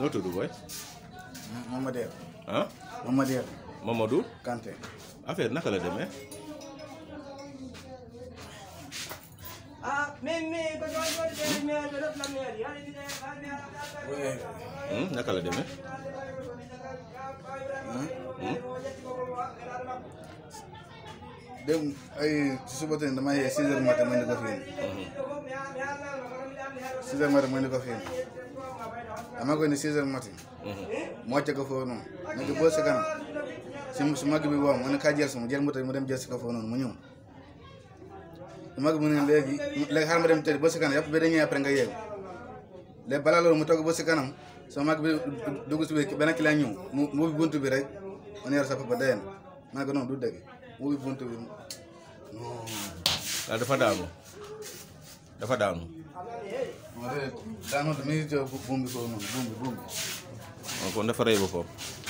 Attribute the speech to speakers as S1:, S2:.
S1: noo tudd booy. Mamadou. ah Mama Mamadou. Kanté. affaire naka la demee.
S2: naka la demee. dem ay suba tey damay yee six heures matin ma indi ko fii. six heures matin ma indi ko fii. amagoni six heures matin mocca mm-hmm. ko foofu noonu nagi boo si kanam si si mag bi woo mu ne kaa jël si mu jël mu dem jël si ko foofu noonu mu ñëw si mag mu ne léegi léegi xaar ma dem tëdd boo si kanam yàpp ba dañuy après nga yeewu léegi balaa loolu mu toog boo si kanam sama mag bi dugg si biir benn ñëw mu mu ubbi buntu bi rek man yor sa papa dayen ma ne ko noonu du dëgg mu ubbi buntu bi
S1: dafa daanu dafa daanu
S3: moo tax it daanaka mi ngi teew buum bi foofu noonu buum
S1: ko buum bi.